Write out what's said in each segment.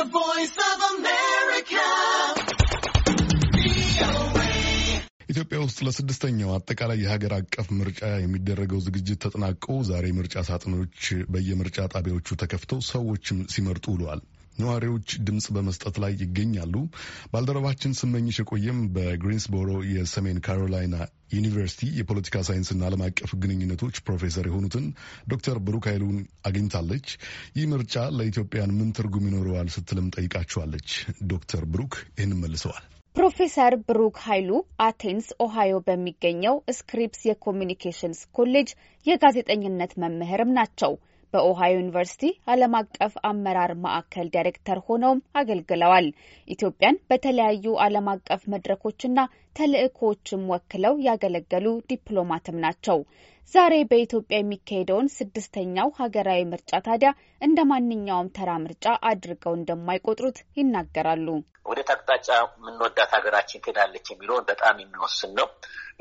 The Voice of America. ኢትዮጵያ ውስጥ ለስድስተኛው አጠቃላይ የሀገር አቀፍ ምርጫ የሚደረገው ዝግጅት ተጠናቆ ዛሬ ምርጫ ሳጥኖች በየምርጫ ጣቢያዎቹ ተከፍተው ሰዎችም ሲመርጡ ውለዋል። ነዋሪዎች ድምፅ በመስጠት ላይ ይገኛሉ። ባልደረባችን ስመኝሽ የቆየም በግሪንስቦሮ የሰሜን ካሮላይና ዩኒቨርሲቲ የፖለቲካ ሳይንስና ዓለም አቀፍ ግንኙነቶች ፕሮፌሰር የሆኑትን ዶክተር ብሩክ ኃይሉን አግኝታለች። ይህ ምርጫ ለኢትዮጵያን ምን ትርጉም ይኖረዋል ስትልም ጠይቃችኋለች። ዶክተር ብሩክ ይህን መልሰዋል። ፕሮፌሰር ብሩክ ኃይሉ አቴንስ ኦሃዮ በሚገኘው ስክሪፕስ የኮሚኒኬሽንስ ኮሌጅ የጋዜጠኝነት መምህርም ናቸው። በኦሃዮ ዩኒቨርሲቲ ዓለም አቀፍ አመራር ማዕከል ዳይሬክተር ሆነውም አገልግለዋል። ኢትዮጵያን በተለያዩ ዓለም አቀፍ መድረኮችና ተልእኮዎችም ወክለው ያገለገሉ ዲፕሎማትም ናቸው። ዛሬ በኢትዮጵያ የሚካሄደውን ስድስተኛው ሀገራዊ ምርጫ ታዲያ እንደ ማንኛውም ተራ ምርጫ አድርገው እንደማይቆጥሩት ይናገራሉ። ወዴት አቅጣጫ የምንወዳት ሀገራችን ትሄዳለች የሚለውን በጣም የሚወስን ነው።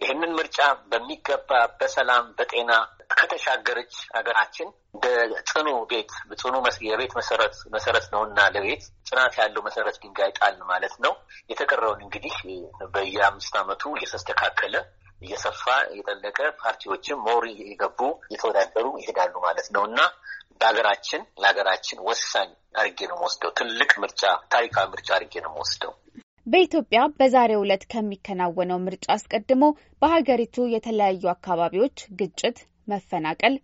ይህንን ምርጫ በሚገባ በሰላም በጤና ከተሻገረች ሀገራችን በጽኑ ቤት ጽኑ የቤት መሰረት መሰረት እና ለቤት ጽናት ያለው መሰረት ድንጋይ ጣል ማለት ነው። የተቀረውን እንግዲህ በየአምስት አመቱ እየተስተካከለ እየሰፋ እየጠለቀ ፓርቲዎችም ሞሪ የገቡ እየተወዳደሩ ይሄዳሉ ማለት ነው እና በሀገራችን ለሀገራችን ወሳኝ አድርጌ ነው መወስደው። ትልቅ ምርጫ፣ ታሪካዊ ምርጫ አድርጌ ነው መወስደው። በኢትዮጵያ በዛሬው ዕለት ከሚከናወነው ምርጫ አስቀድሞ በሀገሪቱ የተለያዩ አካባቢዎች ግጭት መፈናቀል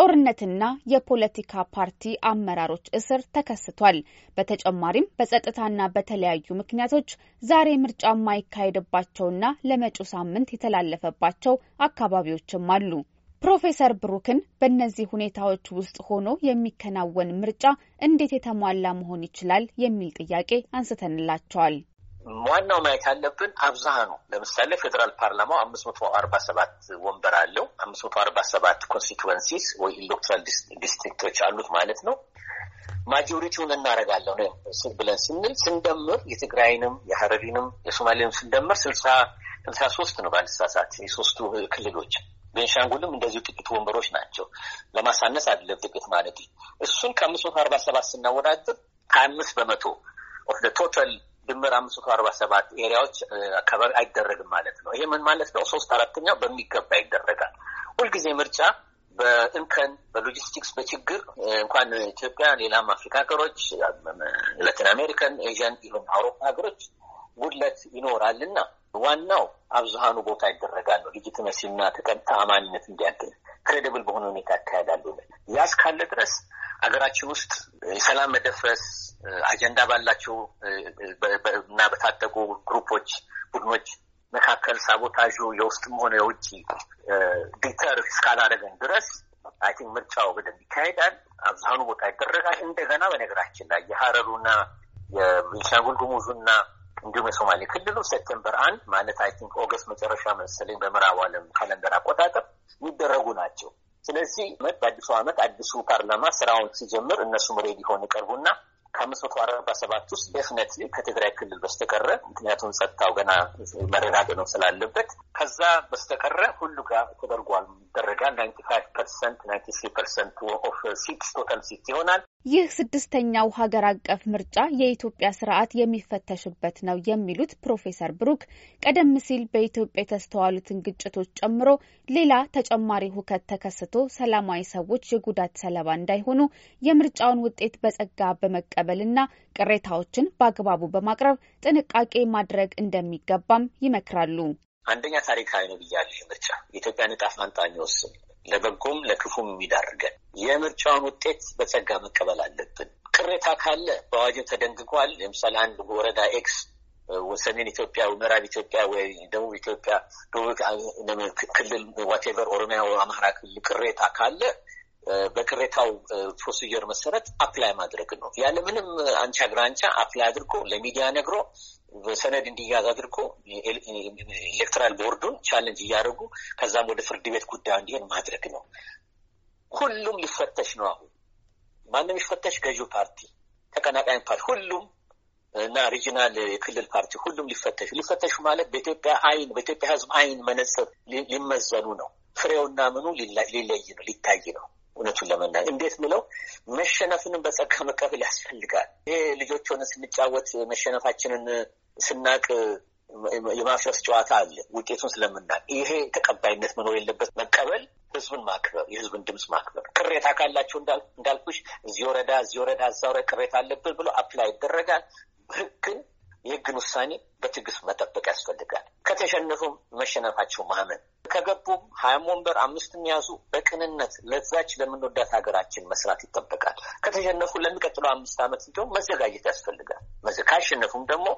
ጦርነትና የፖለቲካ ፓርቲ አመራሮች እስር ተከስቷል። በተጨማሪም በጸጥታና በተለያዩ ምክንያቶች ዛሬ ምርጫ የማይካሄድባቸውና ለመጪው ሳምንት የተላለፈባቸው አካባቢዎችም አሉ። ፕሮፌሰር ብሩክን በእነዚህ ሁኔታዎች ውስጥ ሆኖ የሚከናወን ምርጫ እንዴት የተሟላ መሆን ይችላል የሚል ጥያቄ አንስተንላቸዋል። ዋናው ማየት ያለብን አብዛኑ ለምሳሌ ፌዴራል ፓርላማው አምስት መቶ አርባ ሰባት ወንበር አለው። አምስት መቶ አርባ ሰባት ኮንስቲትዌንሲስ ወይ ኢሌክትራል ዲስትሪክቶች አሉት ማለት ነው። ማጆሪቲውን እናደርጋለሁ ብለን ስንል ስንደምር የትግራይንም የሀረሪንም የሶማሌንም ስንደምር ስልሳ ስልሳ ሶስት ነው ባልሳሳት የሶስቱ ክልሎች ቤንሻንጉልም እንደዚሁ ጥቂት ወንበሮች ናቸው። ለማሳነስ አይደለም ጥቂት ማለት እሱን ከአምስት መቶ አርባ ሰባት ስናወዳድር ከአምስት በመቶ ኦፍ ቶታል ድንበር አምስት መቶ አርባ ሰባት ኤሪያዎች አካባቢ አይደረግም ማለት ነው። ይሄ ምን ማለት ነው? ሶስት አራተኛው በሚገባ ይደረጋል። ሁልጊዜ ምርጫ በእንከን በሎጂስቲክስ በችግር እንኳን ኢትዮጵያ ሌላም አፍሪካ ሀገሮች፣ ላቲን አሜሪካን፣ ኤዥያን ኢቨን አውሮፓ ሀገሮች ጉድለት ይኖራል ይኖራልና ዋናው አብዙሃኑ ቦታ ይደረጋል ነው። ልጅትመሲና ተአማኒነት እንዲያገኝ ክሬዲብል በሆነ ሁኔታ ያካሄዳሉ። ያ እስካለ ድረስ ሀገራችን ውስጥ የሰላም መደፍረስ አጀንዳ ባላቸው እና በታጠቁ ግሩፖች፣ ቡድኖች መካከል ሳቦታዡ የውስጥም ሆነ የውጭ ዲተር እስካላደረገን ድረስ አይ ቲንክ ምርጫው በደንብ ይካሄዳል። አብዛኑ ቦታ ይደረጋል። እንደገና በነገራችን ላይ የሀረሩና የቤንሻንጉል ጉሙዙና እንዲሁም የሶማሌ ክልሉ ሴፕቴምበር አንድ ማለት አይ ቲንክ ኦገስት መጨረሻ መሰለኝ በምዕራብ ዓለም ካለንደር አቆጣጠር የሚደረጉ ናቸው። ስለዚህ በአዲሱ ዓመት አዲሱ ፓርላማ ስራውን ሲጀምር እነሱም ሬዲ ሆን ይቀርቡና ከአምስት መቶ አርባ ሰባት ውስጥ ደፍነት ከትግራይ ክልል በስተቀረ ምክንያቱም ጸጥታው ገና መረጋገጥ ስላለበት ከዛ በስተቀረ ሁሉ ጋር ተደርጓል ይደረጋል ናይንቲ ፋይቭ ፐርሰንት ናይንቲ ስሪ ፐርሰንት ኦፍ ሲት ቶታል ሲት ይሆናል። ይህ ስድስተኛው ሀገር አቀፍ ምርጫ የኢትዮጵያ ስርዓት የሚፈተሽበት ነው የሚሉት ፕሮፌሰር ብሩክ ቀደም ሲል በኢትዮጵያ የተስተዋሉትን ግጭቶች ጨምሮ ሌላ ተጨማሪ ሁከት ተከስቶ ሰላማዊ ሰዎች የጉዳት ሰለባ እንዳይሆኑ የምርጫውን ውጤት በጸጋ በመቀበልና ቅሬታዎችን በአግባቡ በማቅረብ ጥንቃቄ ማድረግ እንደሚገባም ይመክራሉ። አንደኛ ታሪካዊ ነው ብያለሁ። ምርጫ የኢትዮጵያ ንጣፍ ፈንታ የሚወስን ለበጎም ለክፉም የሚዳርገን። የምርጫውን ውጤት በጸጋ መቀበል አለብን። ቅሬታ ካለ በአዋጅም ተደንግጓል። ለምሳሌ አንድ ወረዳ ኤክስ ሰሜን ኢትዮጵያ፣ ምዕራብ ኢትዮጵያ ወይ ደቡብ ኢትዮጵያ ክልል ዋቴቨር ኦሮሚያ፣ አማራ ክልል ቅሬታ ካለ በቅሬታው ፕሮሲጀር መሰረት አፕላይ ማድረግ ነው። ያለምንም አንቻ ግራንቻ አፕላይ አድርጎ ለሚዲያ ነግሮ በሰነድ እንዲያዝ አድርጎ ኤሌክትራል ቦርዱን ቻለንጅ እያደረጉ ከዛም ወደ ፍርድ ቤት ጉዳዩ እንዲሄድ ማድረግ ነው። ሁሉም ሊፈተሽ ነው። አሁን ማንም ይፈተሽ፣ ገዢው ፓርቲ፣ ተቀናቃኝ ፓርቲ፣ ሁሉም እና ሪጂናል የክልል ፓርቲ ሁሉም ሊፈተሹ ሊፈተሹ ማለት በኢትዮጵያ አይን በኢትዮጵያ ሕዝብ አይን መነጽር ሊመዘኑ ነው። ፍሬውና ምኑ ሊለይ ነው፣ ሊታይ ነው። እውነቱን ለመናገር እንዴት ምለው መሸነፍንም በጸጋ መቀበል ያስፈልጋል። ይሄ ልጆች ሆነ ስንጫወት መሸነፋችንን ስናቅ የማፍረስ ጨዋታ አለ። ውጤቱን ስለምናቅ ይሄ ተቀባይነት መኖር የለበት። መቀበል፣ ህዝብን ማክበር፣ የህዝብን ድምፅ ማክበር። ቅሬታ ካላቸው እንዳልኩሽ እዚህ ወረዳ እዚህ ወረዳ እዛ ወረዳ ቅሬታ አለብን ብሎ አፕላይ ይደረጋል። ህግን የህግን ውሳኔ በትዕግስት መጠበቅ ያስፈልጋል። ከተሸነፉም መሸነፋቸው ማመን ከገቡም ሀያም ወንበር አምስትም የያዙ በቅንነት ለዛች ለምንወዳት ሀገራችን መስራት ይጠበቃል። ከተሸነፉ ለሚቀጥለው አምስት ዓመት እንዲሁም መዘጋጀት ያስፈልጋል። ካሸነፉም ደግሞ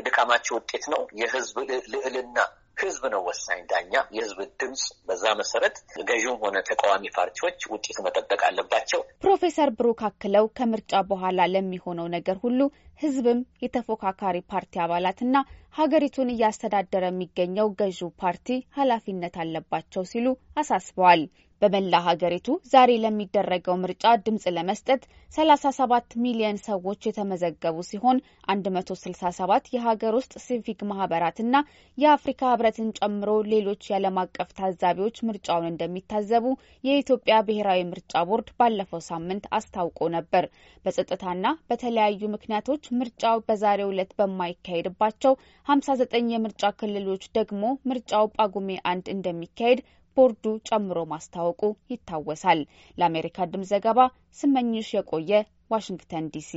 የድካማቸው ውጤት ነው የህዝብ ልዕልና ህዝብ ነው ወሳኝ ዳኛ። የህዝብ ድምፅ በዛ መሰረት ገዥም ሆነ ተቃዋሚ ፓርቲዎች ውጤት መጠበቅ አለባቸው። ፕሮፌሰር ብሩክ አክለው ከምርጫ በኋላ ለሚሆነው ነገር ሁሉ ህዝብም የተፎካካሪ ፓርቲ አባላትና ሀገሪቱን እያስተዳደረ የሚገኘው ገዢው ፓርቲ ኃላፊነት አለባቸው ሲሉ አሳስበዋል። በመላ ሀገሪቱ ዛሬ ለሚደረገው ምርጫ ድምፅ ለመስጠት 37 ሚሊዮን ሰዎች የተመዘገቡ ሲሆን 167 የሀገር ውስጥ ሲቪክ ማህበራትና የአፍሪካ ህብረትን ጨምሮ ሌሎች የዓለም አቀፍ ታዛቢዎች ምርጫውን እንደሚታዘቡ የኢትዮጵያ ብሔራዊ ምርጫ ቦርድ ባለፈው ሳምንት አስታውቆ ነበር። በጸጥታና በተለያዩ ምክንያቶች ምርጫው በዛሬው ዕለት በማይካሄድባቸው 59 የምርጫ ክልሎች ደግሞ ምርጫው ጳጉሜ አንድ እንደሚካሄድ ቦርዱ ጨምሮ ማስታወቁ ይታወሳል። ለአሜሪካ ድምፅ ዘገባ ስመኝሽ የቆየ ዋሽንግተን ዲሲ